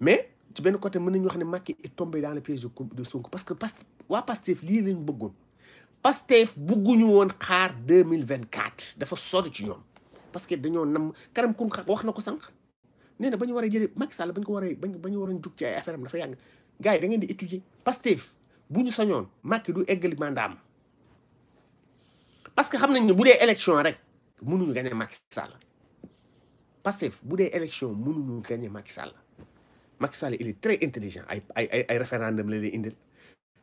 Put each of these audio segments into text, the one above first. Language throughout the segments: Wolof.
mais ci ben côté mën nañu wax ni Macky est tombé dans le piège de Sonko parce que parce waa Pastef li leen bëggoon Pastef ñu won xaar 2024 dafa sori ci ñom parce que dañoo nam kanam kun wax na ko sànq nee na ba ñu Macky Sall ba ko wara a ba ñu waroon ci ay affaire am dafa gars yi da ngeen di étudier Pastef bu ñu sañoon Macky du eggali mandam parce que xam nañ ne boudé élection rek ñu gagné Macky Sall Pastef boudé élection élection ñu gagner Macky Sall Macky Sall il est très intelligent ay ay ay ay référendum la indil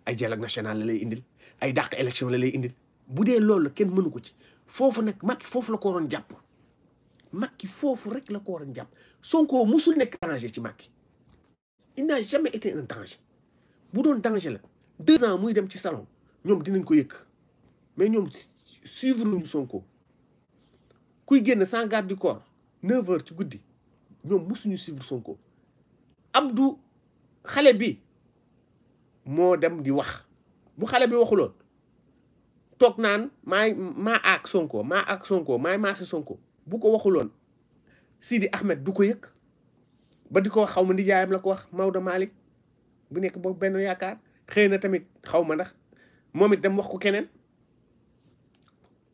ay dialogue national la lay indil ay dàq élection la lay indil bu dee loolu kenn mënu ko ci foofu nag Macky foofu la ko waroon jàpp Macky foofu rek la ko waroon jàpp Sonko musul nekk danger ci Macky il n'a jamais été un bu doon danger la deux ans muy dem ci salon ñoom dinañ ko yëkk mais ñoom suivre ñu Sonko kuy génn sans garde du corps neuf heures ci guddi ñoom musuñu suivre Sonko Abdou xale bi moo dem di wax bu xale bi waxuloon toog naan maay maa aak Sonko maa ak Sonko maay maase Sonko bu ko waxuloon si di Ahmed du ko yëg ba di ko wax xaw ma nijaayam la ko wax Maodo Malick bu nekk boobu benn yaakaar xëy na tamit xaw ma ndax moom it dem wax ko keneen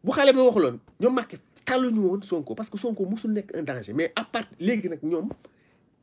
bu xale bi waxuloon ñoom Macky tàlluñu woon Sonko parce que Sonko musul nekk un danger mais à part léegi nag ñoom.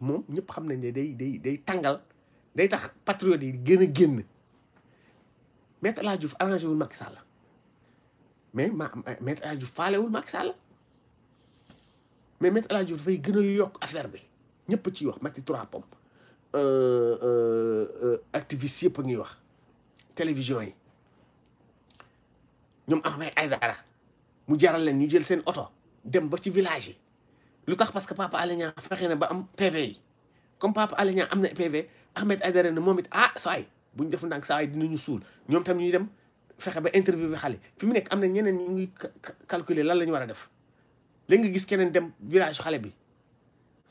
moom ñëpp xam nañ ne day day day tàngal day tax patriote yi gën a génn maître El Hadj Diouf arrangé wul Macky mais ma maître El Hadj Diouf faalewul Macky Sall mais maître El Hadj dafay gën a yokk affaire bi ñëpp ciy wax Maty trois pommes euh, euh, euh, activistes yëpp a ngi wax télévision yi ñoom Ahmed Aïdara mu jaral leen ñu jël seen oto dem ba ci village yi lu tax parce que Papa Alé Niang fexe na ba am PV yi comme Papa Alé am na PV Ahmed Aïdara na moom it ah saa yi bu ñu def ndànk saa yi dinañu suul ñoom tam ñuy dem fexe ba interview bi xale fi mu nekk am na ñeneen ñu ngi calculer lan la ñu war a def léegi nga gis keneen dem village xale bi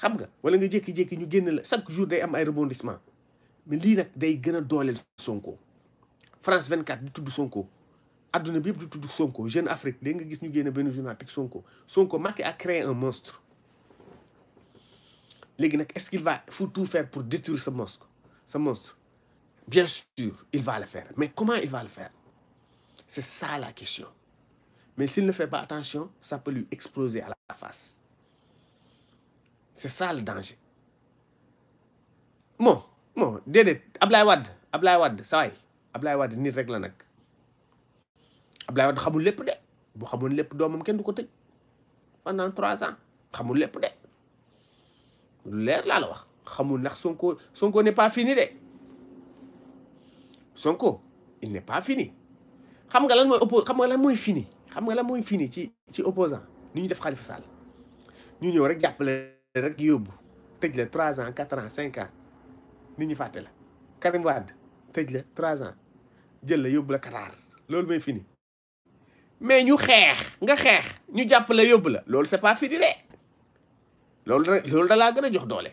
xam nga wala nga jékki ñu génn la chaque jour day am ay rebondissement mais lii nag day gën a dooleel Sonko France 24 di tudd Sonko adduna bi yëpp di tudd Sonko Jeune Afrique léegi nga gis ñu génn benn journal sonko Sonko ma Macky a créé un monstre est-ce qu'il va tout faire pour détruire ce monstre ce monstre bien sûr il va le faire mais comment il va le faire c'est ça la question mais s'il ne fait pas attention ça peut lui exploser à la face c'est ça le danger bon bon dede, Ablaye Wad, Ablaye Wad, ça va. Ablaye Wad, nit rek la pendant trois ans lu leer laa la wax xamul nax Sonko Sonko n'est pas fini de Sonko il n'est pas fini xam nga lan moy xam nga lan moy fini xam nga lan moy fini ci ci opposant ni ñu def Khalifa Sall ñu ñëw rek jàppale rek yobbu tëj la 3 ans 4 ans 5 ans nit ñi fàtte la Karim wad tëj la 3 ans jël la yobbu la Qatar loolu may fini mais ñu xex nga xex ñu jàppale yobbu la loolu c'est pas fini de loolu rek loolu da laa gën a jox doole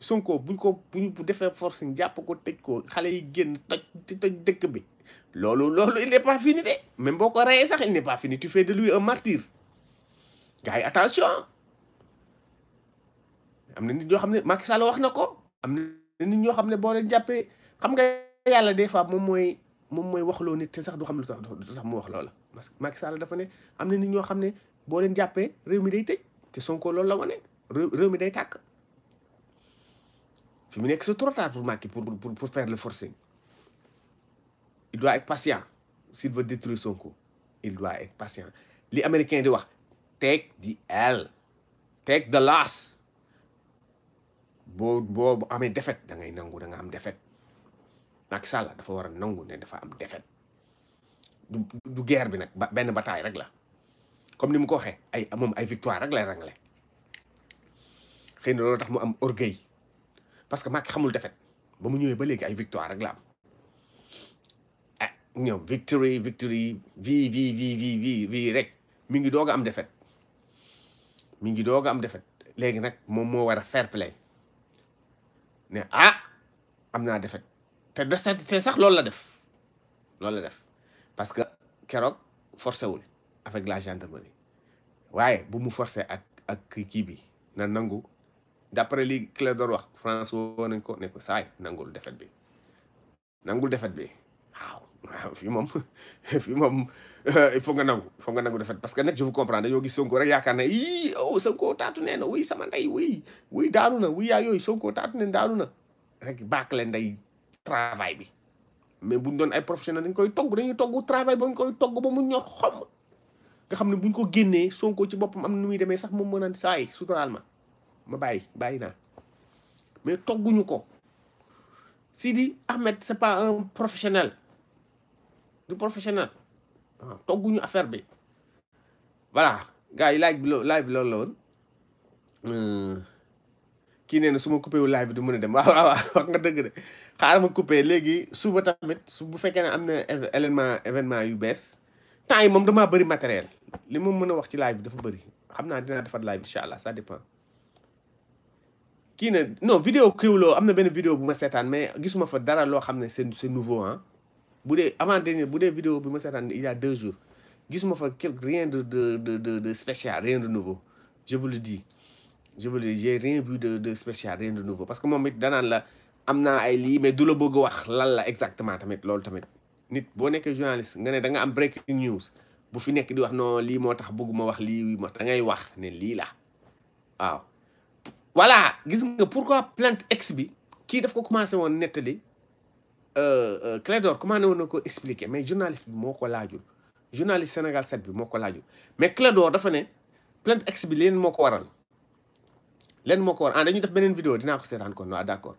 Sonko buñ ko buñ bu defee force jàpp ko tëj ko xale yi génn toj toj dëkk bi loolu loolu il n'est pas fini de même boo ko reyee sax il n'est pas fini tu fais de lui un martyr gars attention am na nit ñoo xam ne Macky wax na ko am na nit ñoo xam ne boo leen jàppee xam nga yàlla des fois moom mooy moom mooy waxloo nit te sax du xam lu tax lu mu wax loola parce que Macky Sall dafa ne am na nit ñoo xam ne boo jàppee réew mi day tëj te Sonko loolu la wane réew mi day takk fi mu nekk c'est trop tard pour Macky pour pour pour faire le forcing il doit être patient s'il veut détruire Sonko il doit être patient li américain di wax take the L take the loss boo boo amee défaite da ngay nangu da nga am défaite Macky Sall dafa war a nangu ne dafa am défaite du du guerre bi nag benn bataay rek la comme ni mu ko waxee ay moom ay victoire rek lay rangle xëy na loolu tax mu am orgueil parce que Macky xamul défaite ba mu ñëwee ba léegi ay victoire rek la am ah ñoom victory victory vi vi vi vi vi vi rek mi ngi doog a am défaite mi ngi doog a am défaite léegi nag moom moo war a fair play ne ah am naa défaite te te sax loolu la def loolu la def parce que keroog forcé wul avec la gendarmerie waaye bu mu forcé ak ak kii bi na nangu d'après li Clédor wax France woo nañ ko ne ko saay nangul defet bi nangul defet bi waaw waaw moom fii moom il faut nga nangu il faut nga nangu defet parce que nag je vous comprends dañoo gis Sonko rek yaakaar ne ii oh taatu nee na wuy sama ndey wuy wuy daanu na a yaa yooyu Sonko taatu ne daanu na rek baak leen nday travail bi mais buñ doon ay professionnel dañ koy togg dañuy togg travail boo ñu koy togg ba mu ñor xomm nga xam ne bu buñ ko génnee Sonko ci boppam am nu muy demee sax moom mën a saay suturaal ma ma bàyyi bàyyi naa mais togguñu ko si di Ahmed c'est pas un professionnel du professionnel waaw ah, togguñu affaire bi voilà gars yi laaj bi loo laaj bi loolu la woon euh, kii nee na su ma coupé wu live bi du mën a dem waaw waaw wax nga dëgg de xaaral ma coupé léegi suba tamit su bu fekkee ne am na événement événement yu bees temps yi moom damaa bëri matériel li moom mën a wax ci live bi dafa bëri xam naa dinaa defar live incha allah ça dépend ne non vidéo que vous avez vidéo mais je fa dara lo c'est nouveau hein. avant dernier vidéo il y a deux jours je fa rien de de de de spécial rien de nouveau je vous le dis je vous le j'ai rien vu de de spécial rien de nouveau parce que moi, danan la amna mais la exactement tamit lol tamit nit journaliste vous breaking news bu fi di non wax li, voilà gis nga pourquoi plainte ex bi kii daf ko commencé woon nettali euh, euh, Clédor commencé woon na ko expliquer mais journaliste bi moo ko laajul journaliste Sénégal 7 bi moo ko laajul mais Clédor dafa ne plainte ex bi leen moo ko waral leen moo ko waral a ah, dañuy def beneen vidéo dinaa ko seetaan kon waaw ah, d'accord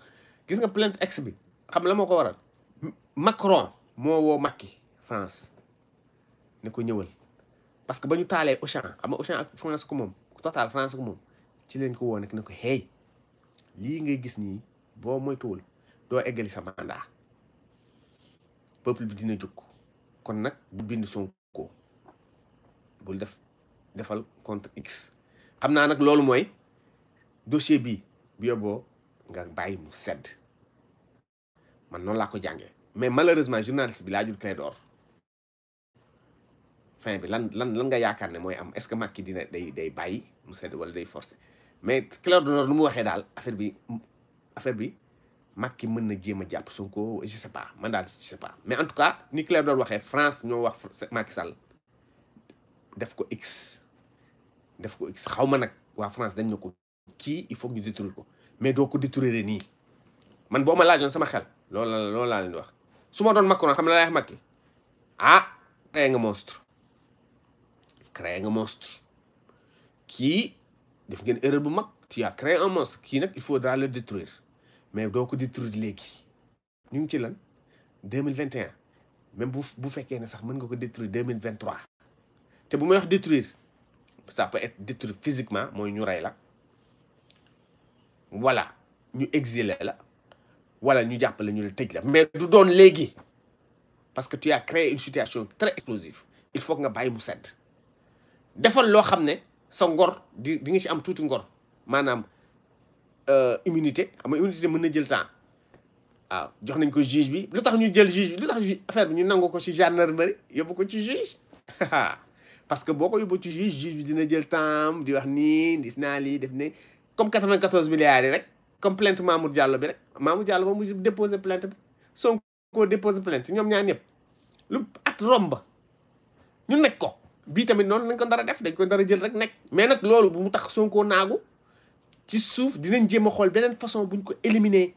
gis nga plainte ex bi xam la moo ko waral Macron moo woo Macky France ne ko ñëwal parce que ba ñu taalee Auchan xam nga Auchan ak France ko moom Total France moom ci leen ko woon nag na ko hey lii ngay gis nii boo moytuwul doo eggali sa mandat peuple bi dina jóg kon nag bu bind Sonko bul def defal contre x xam naa nag loolu mooy dossier bi bi yóbboo nga bàyyi mu sedd man noonu laa ko jàngee mais malheureusement journaliste bi laajul Clédor fin bi lan lan lan nga yaakaar ne mooy am est-ce que Macky dina day day bàyyi mu sedd wala day force mais Clédor Nord lu mu waxee daal affaire bi affaire bi Macky mën na jéem a jàpp ko je sa pas man daal je sais pas mais en tout cas ni Clédor waxee France ñoo wax Macky sal def ko x def ko x xaw ma nag waa France dañ ne ko kii il faut que ko mais doo ko nii man boo ma laajoon sama xel loolu la loolu laa leen wax su ma doon Macron xam ne laa wax Macky ah créé nga monstre créé nga monstre kii Si erreur tu as créé un monstre qui il faudra le détruire mais tu faut détruire l'église. Nous sommes en 2021. même si tu fekkee ne sax tu nga détruire 2023. Tu vingt détruire ça peut être détruit physiquement voilà, nous exilons. la voilà Nous exiler la Voilà, ñu jàppale ñu le mais du donnons l'église. parce que tu as créé une situation très explosive il faut que nga bàyyi mu sedd des loo sa ngor di di nga ci am tuuti ngor maanaam euh, immunité xam immunité mën na jël temps waaw jox nañ ko juge bi lu tax ñu jël juge bi lu tax affaire bi ñu nangu ko ci gendarmerie yóbbu ko ci juge parce que boo ko yóbbu ci juge juge bi dina jël temps di wax nii def naa lii def ne comme 94 milliards yi rek comme plainte Mamour Diallo bi rek Mamour Diallo ba mu déposé plainte bi ko déposé plainte ñoom ñaar ñëpp lu at romb ñu nekk ko bii tamit noonu nañ ko dara def dañ ko dara jël rek nekk. mais nag loolu bu mu tax Sonko naagu ci suuf dinañ jéem a xool beneen façon buñ ko éliminer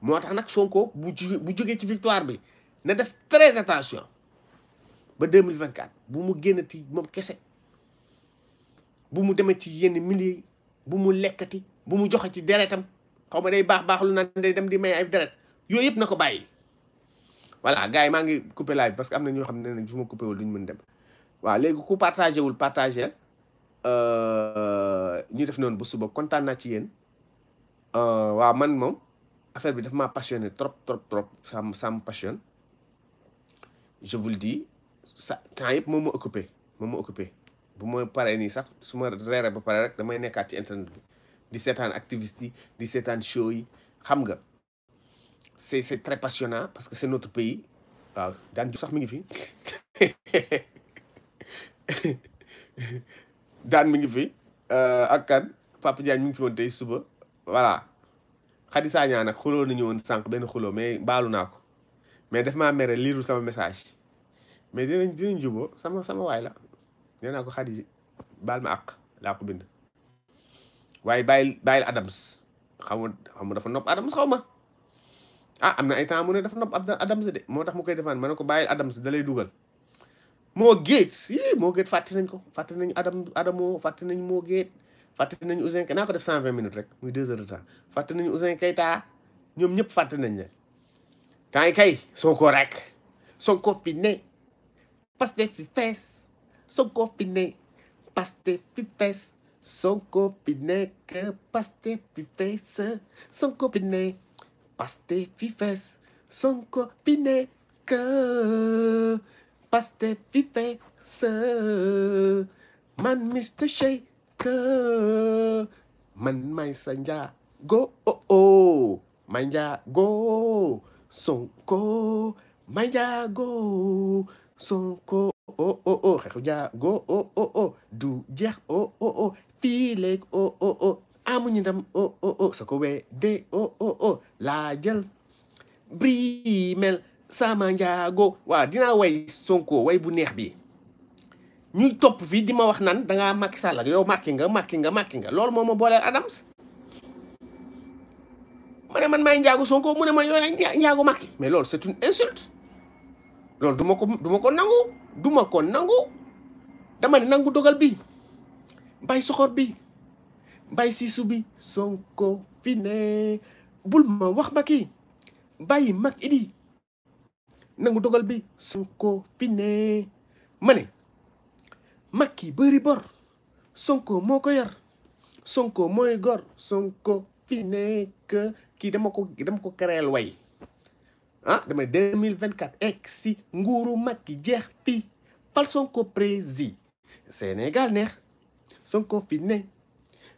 moo tax nag Sonko bu ju bu jógee ci victoire bi na def très ba deux mille vingt quatre bu mu génnati moom kese bu mu demee ci yenn milliers bu mu lekkati bu mu joxe ci deretam xaw ma day baax baax lu naan dem di may ay deret yooyu yëpp na ko bàyyi. voilà gars yi maa ngi coupé live parce que am na ñoo xam ne nañ su ma coupé wul duñ mën dem waaw léegi ku partagé wul euh, ñu def noonu ba suba kontaan naa ci yéen euh, waaw man moom affaire bi daf ma passionné trop trop trop ça ça me passionne je vous le sa temps yëpp moom ma occupé moom ma occupé bu ma paree nii sax su ma reere ba pare rek damay nekkaat ci internet bi di seetaan activiste yi di seetaan show yi xam nga c'est c'est très passionnant parce que c'est notre pays waaw daan ju sax mi ngi fi daan mi ngi fi euh, ak kan Papa Diagne mi ngi fi woon tey suba voilà Khady Sagna nag xuloo nañu woon sànq benn xuloo mais baalu naa ko mais daf maa mere liirul sama message mais dinañ dinañ juboo sama sama la nee naa ko Khady baal ma àq laa ko bind waaye bàyyil bàyyil Adams xaw ma nopp Adams xaw ma ah am na ay temps mu ne dafa nopp Adams de moo tax mu koy defaan ma ne ko bàyyil Adams da lay dugal moo Gates yii moo Gates fàtte nañ ko fàtte nañ Adam Adamo fàtte nañ moo Gates fàtte nañ Ouzin Keita naa ko def cent vingt minutes rek muy deux heures de temps fàtte nañ Ouzin Keita ñoom ñëpp fàtte nañ leen temps yi kay Sonko rek Sonko fi ne Pastef fi fees Sonko fi ne Pastef fi fees Sonko fi ne que Pastef fi fees Sonko Paste vives son copine que Paste vives man Mr Shaker man may sa njaago oh o oh. ma njaago Sonko ma njaago Sonko oh oh oh xeexu njaago oh oh oh du jeex oh oh oh fiileeg oh oh oh amuñu ndam oh oh oh soko we de oh oh oh laa jël njaago waaw dinaa way sonko way bu neex bi ñuy topp fii di ma wax nan danga Macky Sall ak yow Macky nga Macky nga Macky nga loolu moo ma booleel Adams ma ne man maay njaago sonko mu ne ma yow njaago Macky mais lool c'est une insulte loolu duma ko ma ko nangu du ma ko nangu dama ne nangu dogal bi bàyyi soxor bi bàyyi si subi Sonko fi ne bul ma wax ma kii bàyyi mag idi nangu dogal bi Sonko fi ne ma ne mag ki bëri bor Sonko moo ko yar Sonko mooy gor Sonko fi ne que kii dama ko dama ko kereel way ah vingt 2024 egg si nguuru mag ki jeex fii fal Sonko prési Sénégal neex Sonko fi ne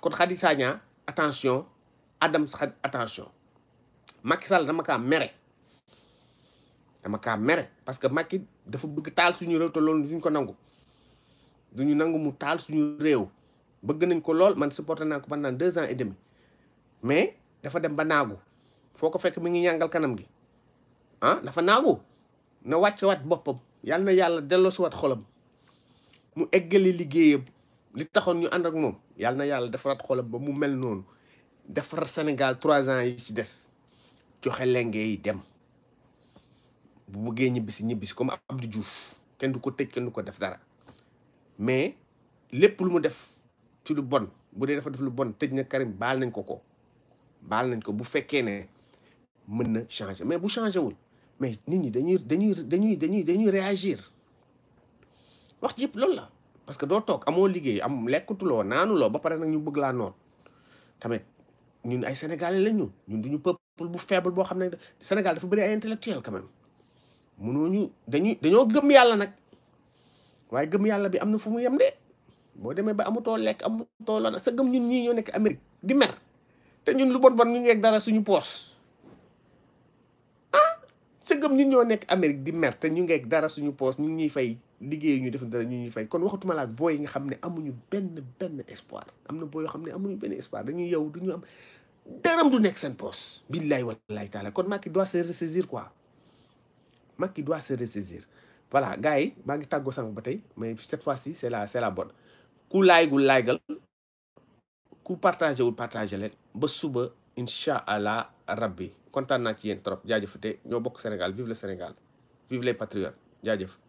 kon Khady Sagna attention Adams Khady attention Macky Sall dama ka mere dama ka mere parce que Macky dafa bëgg taal suñu rew te loolu duñ ko nangu duñu nangu mu taal suñu rew bëgg nañ ko lool man supporter nako pendant 2 ans et demi mais dafa dem ba nagu foko fekk mi ngi ñangal kanam gi ah dafa nagu na wacc wat bopam yalla na yalla delo wat xolam mu eggali liggéeyam li taxoon ñu ànd ak moom yàlla na yàlla defaraat xolam ba mu mel noonu defar Sénégal trois ans yi ci des joxe lenge yi dem bu bëggee ñibbisi ñibbisi comme du Diouf kenn du ko tëj kenn du ko def dara mais lépp lu mu def ci lu bon bu dee defa def lu bon tëj na Karim baal nañ ko ko baal nañ ko bu fekkee ne mën na changer mais bu changé wul mais nit ñi dañuy dañuy dañuy dañuy dañuy réagir wax ji yëpp loolu la. parce que doo toog amoo liggéey am lekkatuloo naanuloo ba pare nag ñu bëgg laa noot tamit ñun ay sénégalais lañ ñu ñun duñu peuple bu faible boo xam ne Sénégal dafa bëri ay intellectuel quand même mënoo ñu dañuy dañoo gëm yàlla nag waaye gëm yàlla bi am na fu mu yem de boo demee ba amutoo lekk amutoo lona sa gëm ñun ñii ñoo nekk Amérique di mer te ñun lu bon bon ñu ngeeg dara suñu poos sëggam ñu ñoo nekk Amérique di mer te ñu ngeeg dara suñu poos ñu ñuy fay liggéey ñu def dara ñu ñuy fay kon waxatuma laak booy yi nga xam ne amuñu benn benn espoir am na boo yoo xam ne amuñu benn espoir dañuy yow duñu am daram du nekk seen poos billahi wallahi taala kon Macky doit se ressaisir quoi Macky doit se ressaisir voilà gars yi maa ngi tàggoo sama ba tey mais cette fois ci la c'est la bonne ku laygul laygal ku partagé wul partagé leen ba suba incha allah rabbi kontaan naa ci yéen trop jaajëf te ñoo bokk Sénégal vive le Sénégal vive les patriotes jaajëf.